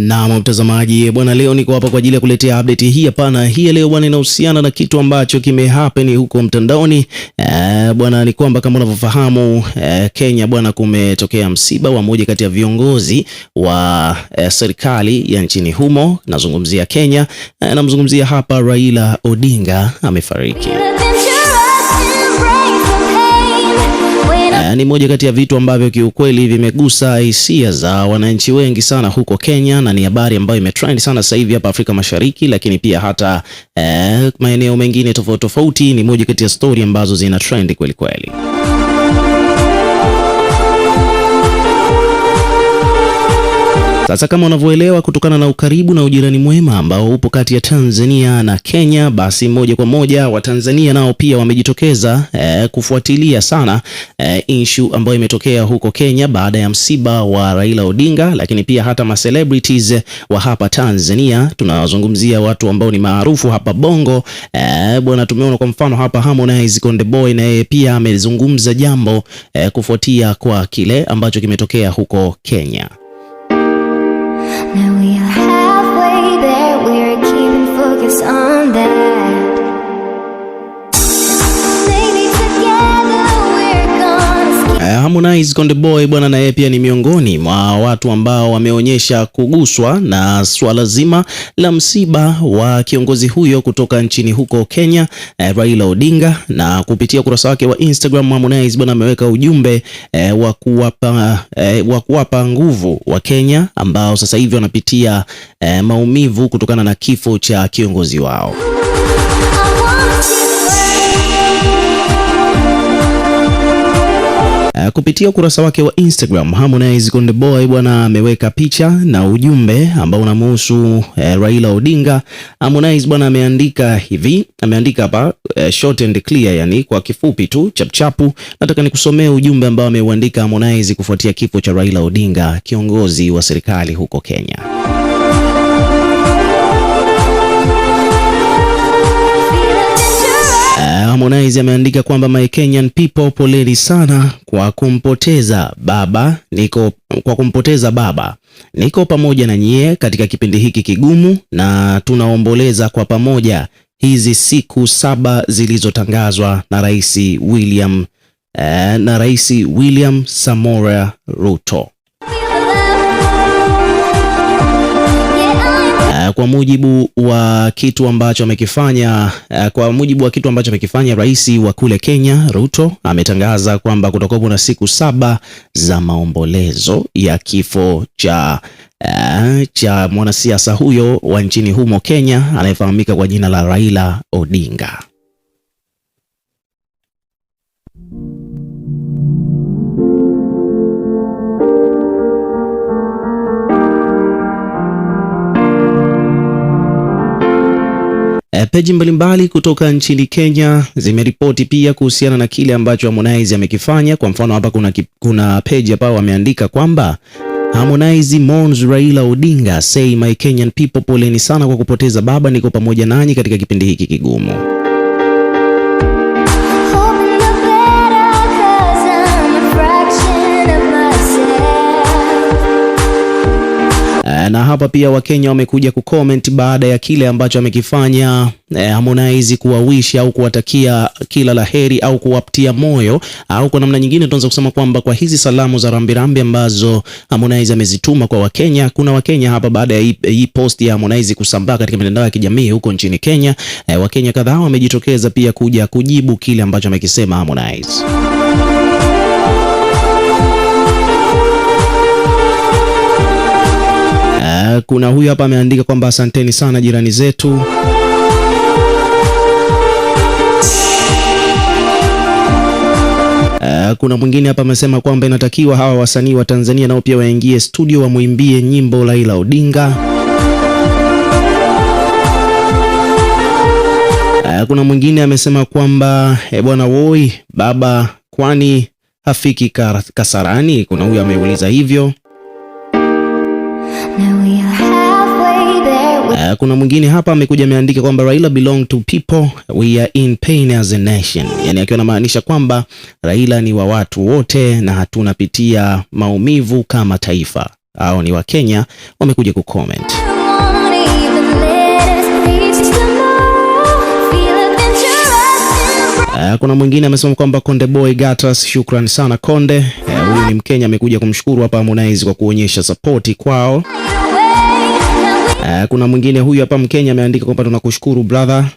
Na mtazamaji bwana, leo niko hapa kwa ajili ya kuletea update hii hapana. Hii leo bwana, inahusiana na kitu ambacho kimehappen huko mtandaoni e, bwana ni kwamba kama unavyofahamu e, Kenya bwana, kumetokea msiba wa moja kati ya viongozi wa e, serikali ya nchini humo. Nazungumzia Kenya e, namzungumzia hapa Raila Odinga amefariki. ni moja kati ya vitu ambavyo kiukweli vimegusa hisia za wananchi wengi sana huko Kenya, na ni habari ambayo imetrend sana sasa hivi hapa Afrika Mashariki, lakini pia hata eh, maeneo mengine tofauti tofauti. Ni moja kati ya stori ambazo zina trend kweli kweli. Sasa kama unavyoelewa, kutokana na ukaribu na ujirani mwema ambao upo kati ya Tanzania na Kenya, basi moja kwa moja Watanzania nao pia wamejitokeza eh, kufuatilia sana eh, inshu ambayo imetokea huko Kenya baada ya msiba wa Raila Odinga, lakini pia hata ma celebrities eh, wa hapa Tanzania tunawazungumzia watu ambao ni maarufu hapa Bongo eh, bwana, tumeona kwa mfano hapa Harmonize Konde Boy na yeye pia amezungumza jambo eh, kufuatia kwa kile ambacho kimetokea huko Kenya. Now Harmonize Konde Boy bwana, na yeye pia ni miongoni mwa watu ambao wameonyesha kuguswa na swala zima la msiba wa kiongozi huyo kutoka nchini huko Kenya, eh, Raila Odinga. Na kupitia ukurasa wake wa Instagram Harmonize bwana ameweka ujumbe eh, wa kuwapa eh, wa kuwapa nguvu wa Kenya ambao sasa hivi wanapitia eh, maumivu kutokana na kifo cha kiongozi wao. Uh, kupitia ukurasa wake wa Instagram Harmonize Konde Boy bwana ameweka picha na ujumbe ambao unamuhusu uh, eh, Raila Odinga. Harmonize bwana ameandika hivi, ameandika hapa uh, short and clear, yani kwa kifupi tu chapchapu. Nataka nikusomee ujumbe ambao ameuandika Harmonize kufuatia kifo cha Raila Odinga, kiongozi wa serikali huko Kenya. Harmonize ameandika kwamba my Kenyan people, poleni sana kwa kumpoteza baba. Niko kwa kumpoteza baba, niko pamoja na nyie katika kipindi hiki kigumu, na tunaomboleza kwa pamoja hizi siku saba zilizotangazwa na Rais William eh, na Rais William Samora Ruto. Eh, kwa mujibu wa kitu ambacho amekifanya eh, kwa mujibu wa kitu ambacho amekifanya rais wa kule Kenya Ruto ametangaza kwamba kutakuwa na siku saba za maombolezo ya kifo cha eh, cha mwanasiasa huyo wa nchini humo Kenya anayefahamika kwa jina la Raila Odinga. E, peji mbalimbali kutoka nchini Kenya zimeripoti pia kuhusiana na kile ambacho Harmonize amekifanya. Kwa mfano hapa kuna, kuna peji hapa wameandika kwamba Harmonize Mons Raila Odinga say my Kenyan people, poleni sana kwa kupoteza baba, niko pamoja nanyi katika kipindi hiki kigumu. Eh, na hapa pia Wakenya wamekuja kucomment baada ya kile ambacho amekifanya eh, Harmonize kuwawishi au kuwatakia kila laheri au kuwaptia moyo au kwa namna nyingine tunaweza kusema kwamba kwa hizi salamu za rambirambi ambazo Harmonize amezituma kwa Wakenya, kuna Wakenya hapa baada ya hii post ya Harmonize kusambaa katika mitandao ya kijamii huko nchini Kenya eh, Wakenya kadhaa wamejitokeza pia kuja kujibu kile ambacho amekisema Harmonize. Eh, kuna huyu hapa ameandika kwamba asanteni sana jirani zetu. Eh, kuna mwingine hapa amesema kwamba inatakiwa hawa wasanii wa Tanzania nao pia waingie studio wamwimbie nyimbo Raila Odinga. Eh, kuna mwingine amesema kwamba e, bwana woi baba, kwani hafiki Kasarani? Kuna huyu ameuliza hivyo. Eh, kuna mwingine hapa amekuja ameandika kwamba Raila belong to people we are in pain as a nation, yani akiwa anamaanisha kwamba Raila ni wa watu wote na hatunapitia maumivu kama taifa. au ni Wakenya wamekuja kucomment. Uh, kuna mwingine amesema kwamba Konde Boy Gatas, shukran sana Konde. Eh, huyu uh, ni Mkenya amekuja kumshukuru hapa Harmonize kwa kuonyesha sapoti kwao. Uh, kuna mwingine huyu hapa Mkenya ameandika kwamba tunakushukuru brother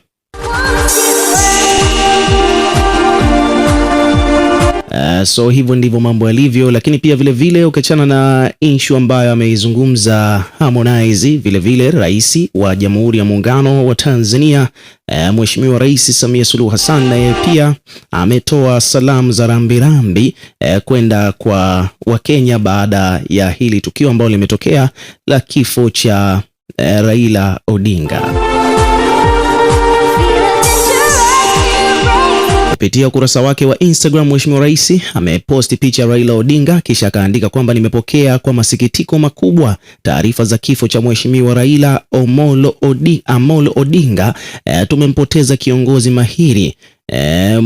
Eh, so hivyo ndivyo mambo yalivyo, lakini pia vile vile ukiachana na inshu ambayo ameizungumza Harmonize, vile vile rais wa Jamhuri ya Muungano wa Tanzania uh, Mheshimiwa Rais Samia Suluhu Hassan naye pia ametoa salamu za rambirambi uh, kwenda kwa Wakenya baada ya hili tukio ambalo limetokea la kifo cha uh, Raila Odinga. Kupitia ukurasa wake wa Instagram, Mheshimiwa Rais ameposti picha ya Raila Odinga kisha akaandika kwamba nimepokea kwa masikitiko makubwa taarifa za kifo cha Mheshimiwa Raila Omolo Odi, Amolo Odinga. E, tumempoteza kiongozi mahiri e, eh,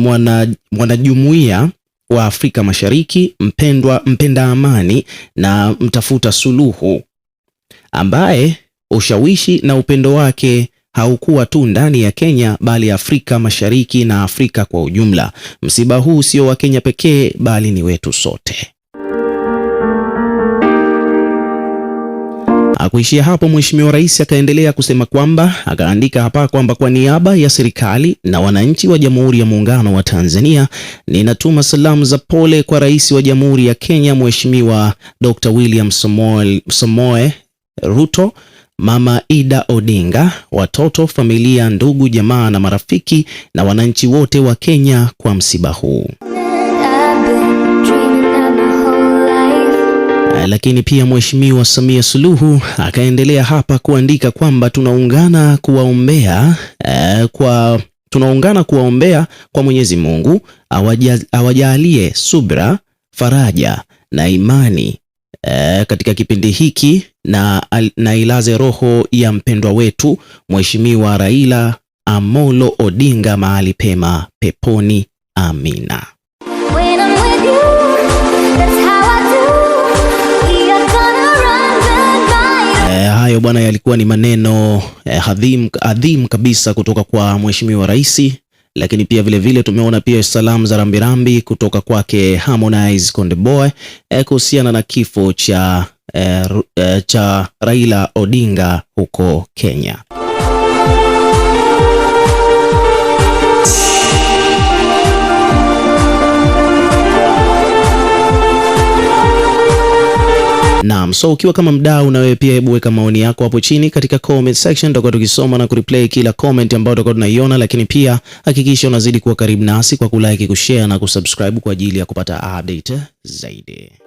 mwanajumuiya wa Afrika Mashariki, mpendwa, mpenda amani na mtafuta suluhu ambaye ushawishi na upendo wake haukuwa tu ndani ya Kenya bali Afrika Mashariki na Afrika kwa ujumla. Msiba huu sio wa Kenya pekee bali ni wetu sote. Hakuishia hapo, Mheshimiwa Rais akaendelea kusema kwamba akaandika hapa kwamba kwa niaba ya serikali na wananchi wa Jamhuri ya Muungano wa Tanzania ninatuma salamu za pole kwa Rais wa Jamhuri ya Kenya Mheshimiwa Dr. William Samoe Ruto Mama Ida Odinga, watoto, familia, ndugu, jamaa na marafiki na wananchi wote wa Kenya kwa msiba huu. Lakini pia Mheshimiwa Samia Suluhu akaendelea hapa kuandika kwamba tunaungana kuwaombea eh, kwa tunaungana kuwaombea kwa Mwenyezi Mungu awajalie subra, faraja na imani e, katika kipindi hiki na, na ilaze roho ya mpendwa wetu Mheshimiwa Raila Amolo Odinga mahali pema peponi. Amina. Eh, bwana, yalikuwa ni maneno eh, adhim, adhim kabisa kutoka kwa Mheshimiwa Rais lakini pia vilevile tumeona pia salamu za rambirambi kutoka kwake Harmonize Konde Boy eh, kuhusiana na kifo cha eh, eh cha Raila Odinga huko Kenya. Naam, so ukiwa kama mdau na wewe pia, hebu weka maoni yako hapo chini katika comment section, tutakuwa tukisoma na kureplay kila comment ambayo tutakuwa tunaiona, lakini pia hakikisha unazidi kuwa karibu nasi kwa kulike, kushare na kusubscribe kwa ajili ya kupata update zaidi.